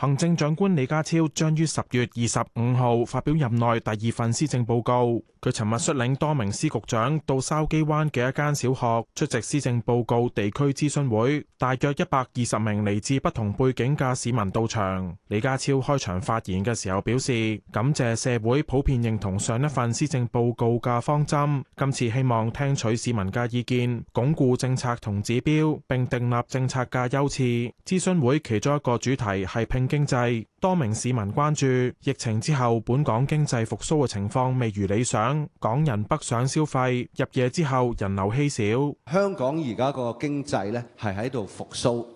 行政長官李家超將於十月二十五號發表任內第二份施政報告。佢尋日率領多名司局長到筲箕灣嘅一間小學出席施政報告地區諮詢會，大約一百二十名嚟自不同背景嘅市民到場。李家超開場發言嘅時候表示，感謝社會普遍認同上一份施政報告嘅方針，今次希望聽取市民嘅意見，鞏固政策同指標，並訂立政策嘅優次。諮詢會其中一個主題係拼經濟，多名市民關注疫情之後，本港經濟復甦嘅情況未如理想。港人北上消費，入夜之後人流稀少。香港而家個經濟呢係喺度復甦。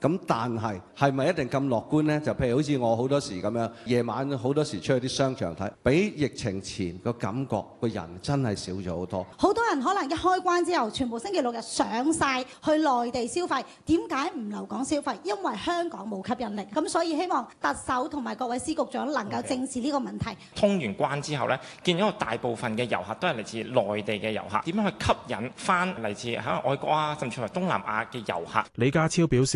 咁但係係咪一定咁樂觀呢？就譬如好似我好多時咁樣，夜晚好多時出去啲商場睇，比疫情前個感覺，個人真係少咗好多。好多人可能一開關之後，全部星期六日上曬去內地消費，點解唔留港消費？因為香港冇吸引力。咁所以希望特首同埋各位司局長能夠正視呢個問題。通完關之後呢，見到大部分嘅遊客都係嚟自內地嘅遊客，點樣去吸引翻嚟自喺外國啊，甚至乎東南亞嘅遊客？李家超表示。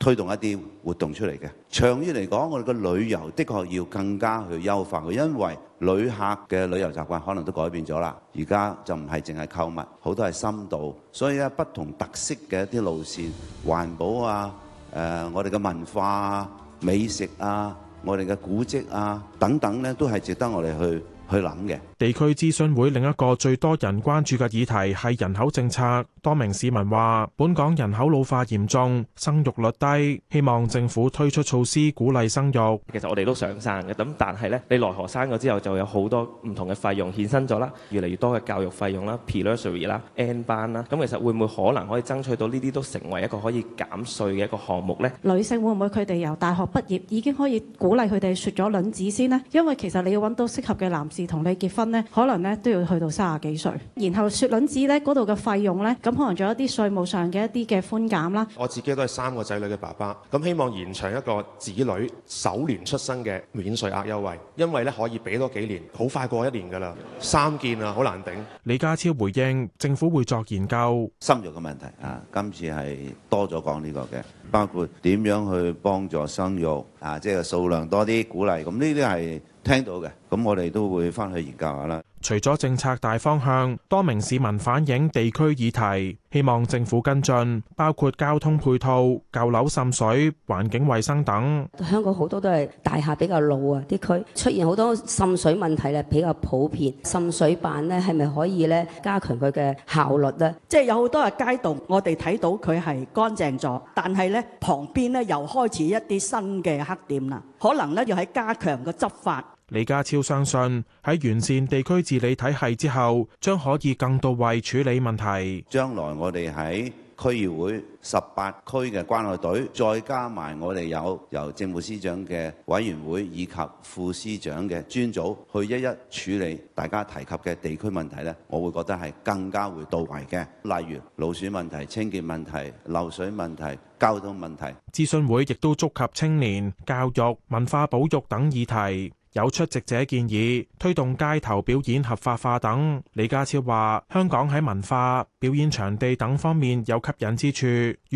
推動一啲活動出嚟嘅，長遠嚟講，我哋嘅旅遊的確要更加去優化佢，因為旅客嘅旅遊習慣可能都改變咗啦。而家就唔係淨係購物，好多係深度，所以咧，不同特色嘅一啲路線、環保啊、誒我哋嘅文化啊、美食啊、我哋嘅古蹟啊等等咧，都係值得我哋去去諗嘅地區諮詢會另一個最多人關注嘅議題係人口政策。多名市民話：本港人口老化嚴重，生育率低，希望政府推出措施鼓勵生育。其實我哋都想生嘅，咁但係咧，你來學生咗之後，就有好多唔同嘅費用衍生咗啦，越嚟越多嘅教育費用啦、pre-nursery 啦、N 班啦。咁其實會唔會可能可以爭取到呢啲都成為一個可以減稅嘅一個項目咧？女性會唔會佢哋由大學畢業已經可以鼓勵佢哋雪咗卵子先咧？因為其實你要揾到適合嘅男士。同你結婚呢，可能呢都要去到三十幾歲，然後雪卵子呢嗰度嘅費用呢，咁可能仲有一啲稅務上嘅一啲嘅寬減啦。我自己都係三個仔女嘅爸爸，咁希望延長一個子女首年出生嘅免稅額優惠，因為呢可以俾多，多幾年，好快過一年噶啦。三件啊，好難頂。李家超回應，政府會作研究生育嘅問題啊，今次係多咗講呢個嘅，包括點樣去幫助生育啊，即係數量多啲，鼓勵咁呢啲係。聽到嘅，咁我哋都會返去研究下啦。除咗政策大方向，多名市民反映地區議題，希望政府跟進，包括交通配套、舊樓滲水、環境衞生等。香港好多都係大廈比較老啊，啲區出現好多滲水問題咧，比較普遍。滲水辦咧係咪可以咧加強佢嘅效率咧？即係有好多嘅街道，我哋睇到佢係乾淨咗，但係咧旁邊咧又開始一啲新嘅黑點啦。可能咧要喺加強個執法。李家超相信喺完善地區治理體系之後，將可以更到位處理問題。將來我哋喺區議會十八區嘅關愛隊再加埋我哋有由政務司長嘅委員會以及副司長嘅專組去一一處理大家提及嘅地區問題咧，我會覺得係更加會到位嘅。例如老鼠問題、清潔問題、漏水問題、交通問題。諮詢會亦都觸及青年教育、文化保育等議題。有出席者建議推動街頭表演合法化等。李家超話：香港喺文化、表演場地等方面有吸引之處，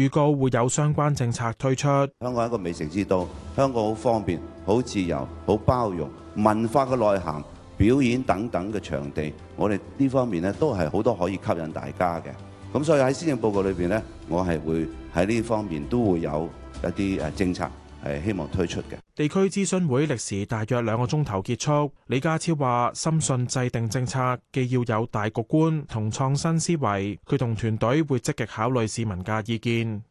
預告會有相關政策推出。香港係一個美食之都，香港好方便、好自由、好包容，文化嘅內涵、表演等等嘅場地，我哋呢方面咧都係好多可以吸引大家嘅。咁所以喺施政報告裏邊呢，我係會喺呢方面都會有一啲誒政策。係希望推出嘅。地區諮詢會歷時大約兩個鐘頭結束。李家超話：深信制定政策既要有大局觀同創新思維，佢同團隊會積極考慮市民嘅意見。